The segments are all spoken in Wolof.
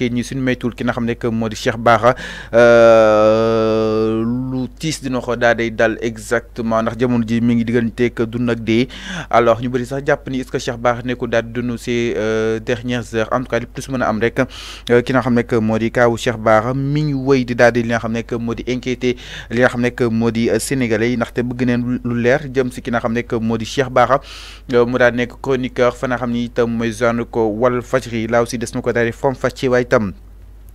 ki ñu suñu maytul ki nga xam ne que moo di Cheikh Bara euh, lu de nos ko dal exactement ndax jamono ji mi ngi que d'un ak alors ñu bëri sax jàpp ni est-ce que Cheikh Bara nekkul daal nous ces euh, dernières heures en tout cas li plus mon a am rek euh, ki que modica ou moo di kaawu Cheikh de mi ngi wéy di daal di li nga inquiété li nga modi euh, sénégalais n'a pas gagné neen lu leer jëm n'a ki que modi nekk moo di Cheikh Bara mu chroniqueur fa n'a xam ni itam mooy genre ko aussi des na ko daal di faram-fàccee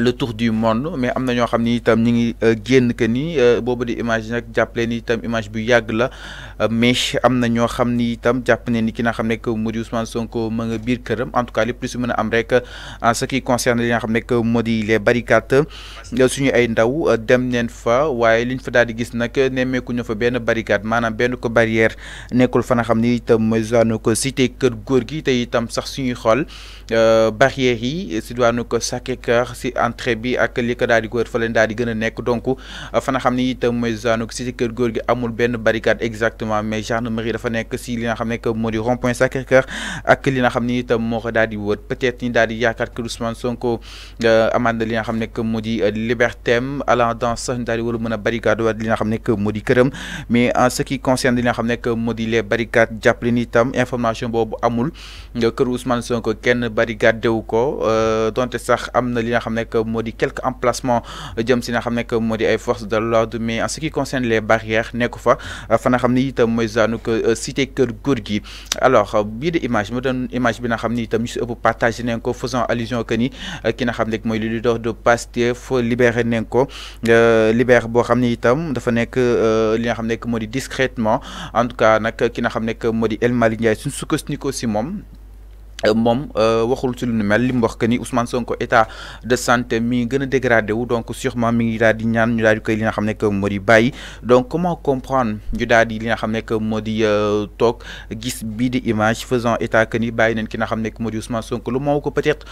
le tour du monde mais am na ñoo xam ni itam ñi ngi euh, génn que ni euh, boobu di image nag jàpp leen itam image bu yàgg la euh, mais am na ñoo xam ni itam jàpp ne ni ki na xam ne moo di Ousmane Sonko ma nga biir këram en tout cas lépp lu si mën am rek en ce qui concerne li nga xam ne moo di les barricades suñu ay ndaw dem neen fa waaye liñ fa daal di gis nag nemmeeku ñu fa benn barricade maanaam benn ko barrière nekkul fa nga xam ni itam mooy daanu ko cité kër góor gi te itam sax suñuy xool barrières yi si daanu ko sacré si. très bi ak li ko daal di góor fa leen daal di gën donc euh, fa na xamni itam mooy zaanuk ci keur goor gi amul ben barricade exactement mais gendarmerie dafa nekk si li nga xam que modi rond point Sacré Cœur ak li nga xamni itam moko daal peut être ni daal di yaakaar que Ousmane Sonko euh, amande li nga ramener que modi liberté euh, libertéem allant dans ce ñu daal di war barricade ou li nga que modi kërëm mais en ce qui concerne li nga que modi les barricades jàppale ni itam information bobu amul kër Ousmane Sonko kenn barricade dewu ko donte sax amna li nga modi quelques emplacements jëm si nga xam nekk moo ay forces de l'ordre mais en ce qui concerne les barrières nekku fa euh, fa nga xam ni itam nous que euh, cité kër góor gi alors euh, bi de image ma doon image bi nga ni itam ñu si ëpp partagé nañ ko faisant allusion que ni ki nga xam ne le de passer libéré nañ ko libérer bo xamni ni itam dafa nek li nga xam nekk discrètement en tout cas nak ki nga que modi el malik El Malick Ndiaye suñ sukkandikoo si mom moom euh, waxul ci lu mel lim wax que ni Ousmane Sonko état de santé mi gëna dégradé wu donc sûrement mi ngi daal di ñaan ñu daal di koy li nga que moo di donc comment comprendre ñu daal di li nga xamné que moo euh, tok gis bi di image faisant état que ni bàyyi nañ ki nga xamné que moo Ousmane Sonko lu moko peut-être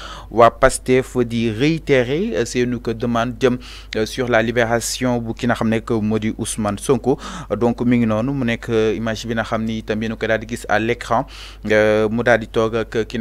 passer, faut di réitérer euh, nous que demande jëm sur la libération bu ki nga xamné que moo Ousmane Sonko donc mi ngi nonu mu nekk image bi nga xamni ni bi ñu di gis à l'écran mu daal di tok ak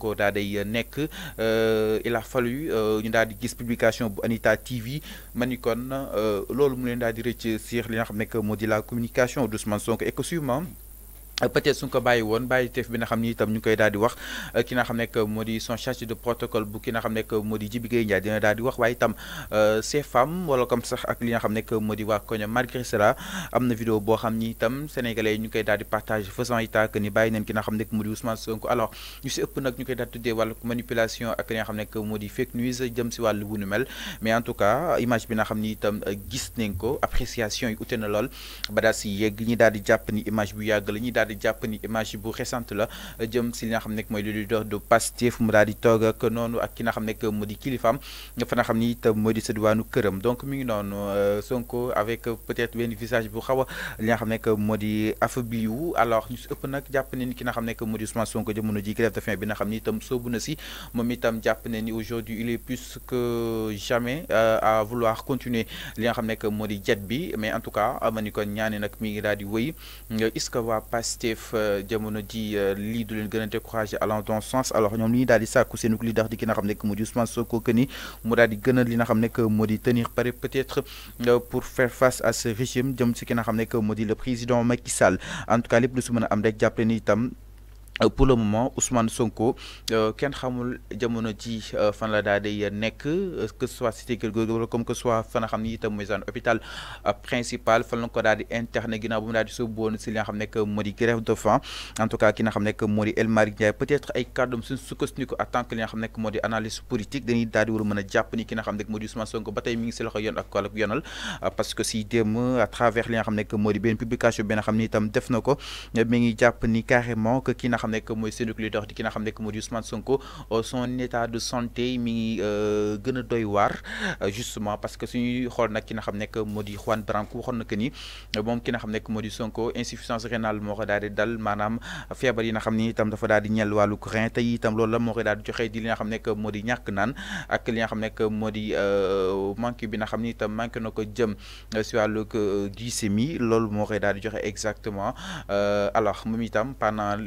ko daa day euh, nekk euh, il a fallu euh, ñu daal di gis publication bu Anita TV ma ni kon loolu mu leen daal di rëcc si li nga xam ne moo di la communication d'Ousmane Sonko et que suivement peut-être su ñu ko bàyyi woon bàyyi teef bi nga xamni itam ñu koy daal di wax euh, ki nga xam nekk moo son chargé de protocole bu ki nga xam nekk moo di Jibi Gueye Ndiaye dina daal di wax waaye itam euh, ces femmes wala comme sax ak li nga xam que modi di koña koño malgré cela am vidéo bo xamni itam sénégalais ñu koy daal di partager faisant état que ni bàyyi nañ ki nga xam nekk moo Ousmane Sonko alors ñu ci ëpp nak ñu koy daal tuddee wàllu manipulation ak li nga xam que modi fake news jëm ci walu bu nu mel mais en tout cas image bi nga xamni itam euh, gis nañ ko appréciation yu ute na lool ba yegg ñi daal di jàpp ni image bu yàgg la ñi daal di japp ni image bu récente la jëm si li nga xam ne mooy le leader de Pastef mu daal di que ak noonu ak ki nga xam ne moo di kilifaam fa na xam ni itam moo di sa diwaanu donc mi ngi noonu euh, Sonko avec peut-être ben visage bu xawa li nga xam ne moo di alors ñu si ëpp nag jàpp ni ki nga xam ne moo di Ousmane Sonko jamono ji grève de faim bi nga xam ni itam soobu na si moom itam jàpp ne ni aujourd'hui il est plus que jamais euh, à vouloir continuer li nga xam ne di jet bi mais en tout cas amani ko kon nak mi ngi daal di wéy euh, est-ce que va passer Pastef euh, jamono ji euh, lii du leen gën a découragé allant dans sens alors ñom ni dal di sakku seen uk leader di ki nga xam nekk moo di Ousmane Sonko que ni mu dal di gën li nga xam nekk moo tenir pare peut-être euh, pour faire face à ce régime jëm ci ki nga xam nekk moo le président Macky Sall en tout cas lépp lu su mën am rek jàppale ni tam euh, pour le moment Ousmane Sonko euh, ken xamul jamono ci euh, fan la daal di que ce soit cité Keur comme que soit fan xamni itam maison hôpital principal fan la ko dadi interne, interné ginnaaw bu mu daal di sóobu si li nga xam nekk de fin, en tout cas ki nga xam que moo di El Ndiaye peut-être ay kàddoom suñ sukkandiku en que li nga xam nekk analyse politique dañuy dadi di meuna japp ni ki nga xam nekk Ousmane Sonko batay mi ngi si loxo yoon ak wàllug parce que si dem à travers li nga xam que moo di publication ben xamni itam def na mi ngi japp ni carrément que ki nga xam nekk mooy seen lu dox di ki nga xam nekk modi Ousmane Sonko euh, son état de santé mi euh, gëna doy war euh, justement parce que suñu xol nak ki nga xam nekk modi Juan Branco waxoon na que ni mom ki nga xam nekk modi Sonko insuffisance rénale moo ko daal dal manam fièvre yi nga xam ni itam dafa daal di ñel wàllu rein te itam loolu la moo ko daal di di li nga xam nekk modi ñak nan ak li nga xam nekk modi di manque bi nga xam ni itam manqué na ko jëm si wàllu glycémie loolu moo koy daal di joxe exactement alors moom itam pendant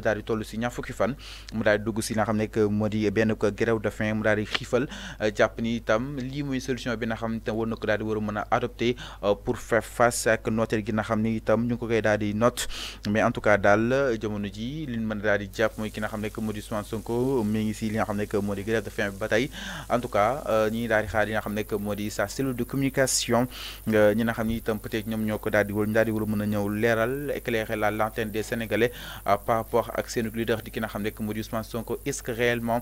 lu daal di toll si ñaar fukki fan mu daal di dugg si nga xam ne que moo di benn ko de fin mu daal di xiifal euh, jàpp ni itam lii muy solution bi nga xam ne war na ko daal di war a mën a adopté euh, pour faire face ak noter gi nga xam ni itam ñu ko koy daal di note mais en tout cas daal jamono ji li ñu mën a daal di jàpp mooy ki nga xam ne que moo di Ousmane Sonko mi ngi si li nga xam ne que moo di de fin ba tey en tout cas euh, ñi ngi daal di xaar li nga xam ne que moo di sa cellule de communication ñi nga xam ni itam peut-être ñoom ñoo ko daal di war daal di war a mën a ñëw leeral éclairer la lanterne des Sénégalais par rapport accord ak seen leader di ki nga xam nekk moo di Ousmane Sonko est-ce que réellement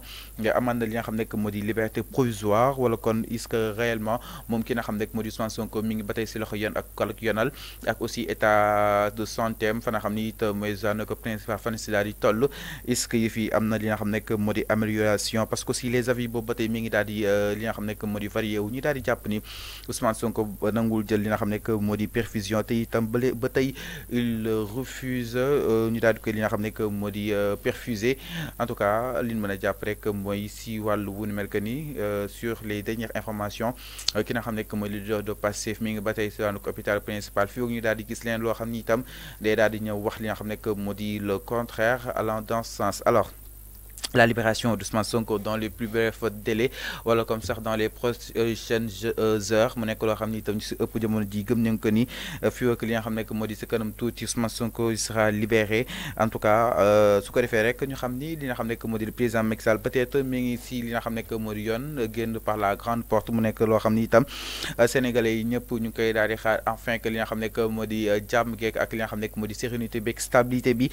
amaan na li nga xam nekk moo di liberté provisoire wala kon est-ce que réellement moom ki nga xam nekk moo di Ousmane Sonko mi ngi ba tey si loxo yoon ak kalak yonal ak aussi état de santé am fa nga xam ni it mooy zaneko principal fan si daal di toll est-ce que yëf yi am na li nga xam nekk moo di amélioration parce que si les avis boobu ba tey mi ngi daal di euh, li nga xam nekk moo di varié wu ñu daal di jàpp ni Ousmane Sonko nangul jël li nga xam nekk moo di perfusion te itam ba tey il refuse euh, ñu daal di koy li nga xam nekk modi euh, perfusé en tout cas l'une ñu mën a jàpp rek mooy si wàllu euh, sur les dernières informations qui euh, n'a xam ne le leader de Pastef mi bataille sur le capital principal fii ñu daal di gis leen loo xam ni itam day wax li le contraire allant dans ce sens alors la libération d'Ousmane Sonko dans les plus brefs délais wala comme ça dans les prochaines euh, heures mu nekk loo tam ni ñu ëpp jamono ji gëm nañ ko ni euh, fii que li nga xam ne moo kanam tuuti Ousmane Sonko sera libéré en tout cas euh, su ko defee rek ñu xamni ni li nga xam ne moo le président Macky Sall peut-être mi ngi si li nga xam ne modi di yoon par la grande porte mu nekk lo xamni tam. itam sénégalais ñëpp ñu koy daal xaar enfin que li nga xam ne modi di jàmm geek ak li nga xam ne modi di sérénité beeg stabilité bi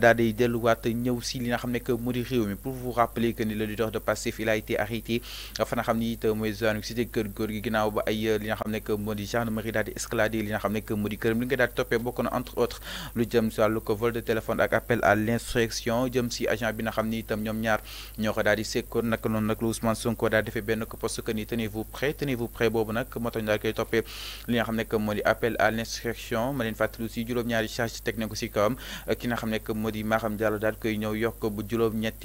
daal di wat ñëw si li nga xam que modi réew mi pour vous rappeler que ni le leader de passif il a été arrêté fa nga xam ni it cité kër góor gi ginnaaw ba ay li nga xam que moo di gendarmerie daal di escalader li nga xam que moo di këram li nga daal di toppee entre autres lu jëm si wàllu ko vol de téléphone ak appel à l'instruction jëm si agent bi nga xam ni itam ñoom ñaar ñoo ko daal di sekkoon nag noonu nag lu Ousmane Sonko daal defee benn ko poste que ni tenez-vous prêt tenez-vous prêt boobu nag moo tax ñu daal koy toppee li nga xam que moo appel à l'instruction ma leen fàttali aussi juróom-ñaari charge technique nañ ko si kawam ki nga xam ne que moo di Maham Diallo daal koy ñëw yokk bu juróom-ñett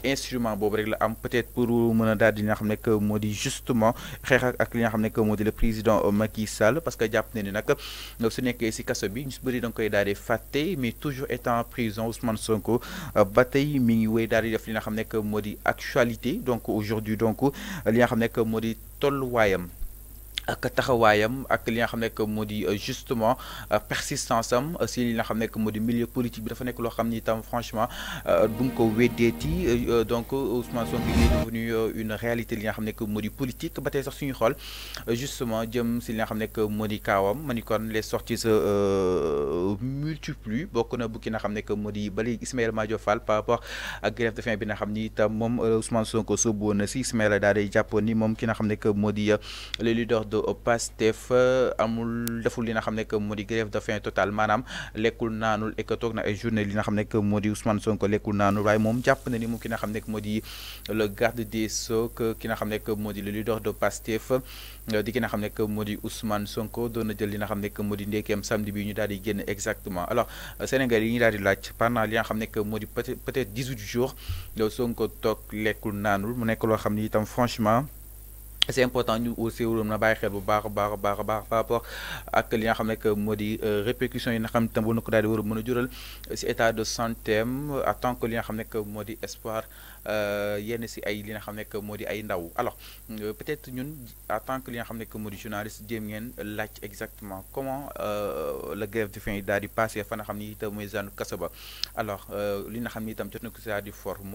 instrument bobu rek la am peut-être pour mën dal daal di nga xam que moo justement xeex ak li nga xam que modi le président Macky Sall parce que japp na ni nag su nekké ci kasso bi ñu bari bëri da nga koy daal di fàtte mais toujours étant en prison Ousmane Sonko ba mi ngi wéy dal di def li nga xam que modi actualité donc aujourd'hui donc li nga xam que modi di wayam ak taxawayam ak li nga xamné que modi euh, justement euh, persistance am si li nga xamné que modi milieu politique bi dafa nek lo xamni tam franchement euh, du nga ko weddeeti donc Ousmane Sonko il est devenu une réalité li nga xamné que modi politique batay sax suñu xol justement jëm si li nga xamné que modi kawam manikon les sorties euh multiplient bokk na bu ki nga xamné que modi ba léegi Fall par rapport ak grève de faim bi nga xamni tam mom Ousmane Sonko sóobu na ci Ismaël daay day ni mom ki nga xamné que modi le leader de Pastef amul deful li nga xam que modi grève de faim totale manam lekul nanul et que tok na ay journée li nga xam que modi Ousmane Sonko lekul nanul way mom japp na ni moom ki nga xam que modi le garde des Sceaux ki nga xam que modi le leader de Pastef di ki nga xam que modi Ousmane Sonko do na jël li nga xam que modi ndekem samedi bi ñu daal di génn exactement alors euh, Sénégal yi ñu daal di laaj pendant li nga xam que modi peut-être 18 jours Sonko tok lekul nanul mu nek lo xam ne itam franchement c'est important ñu aussi waroon na bàyyi xel bu baax baax baax baax par rapport ak li nga xamné que modi euh, répercussions yi nga xam tam war na ko daal di mëna a jural si état de santé am en tant que li nga xamné que modi espoir euh yenn ci ay li nga xamné que modi ay ndaw alors euh, peut-être ñun à tant que li nga xamné que modi journaliste jéem ngeen laaj exactement comment euh la grève de faim yi daal di passé fa nga xam ni itam mooy zanu kaso ba alors euh, li nga xam ni itam jot na ko si daal di for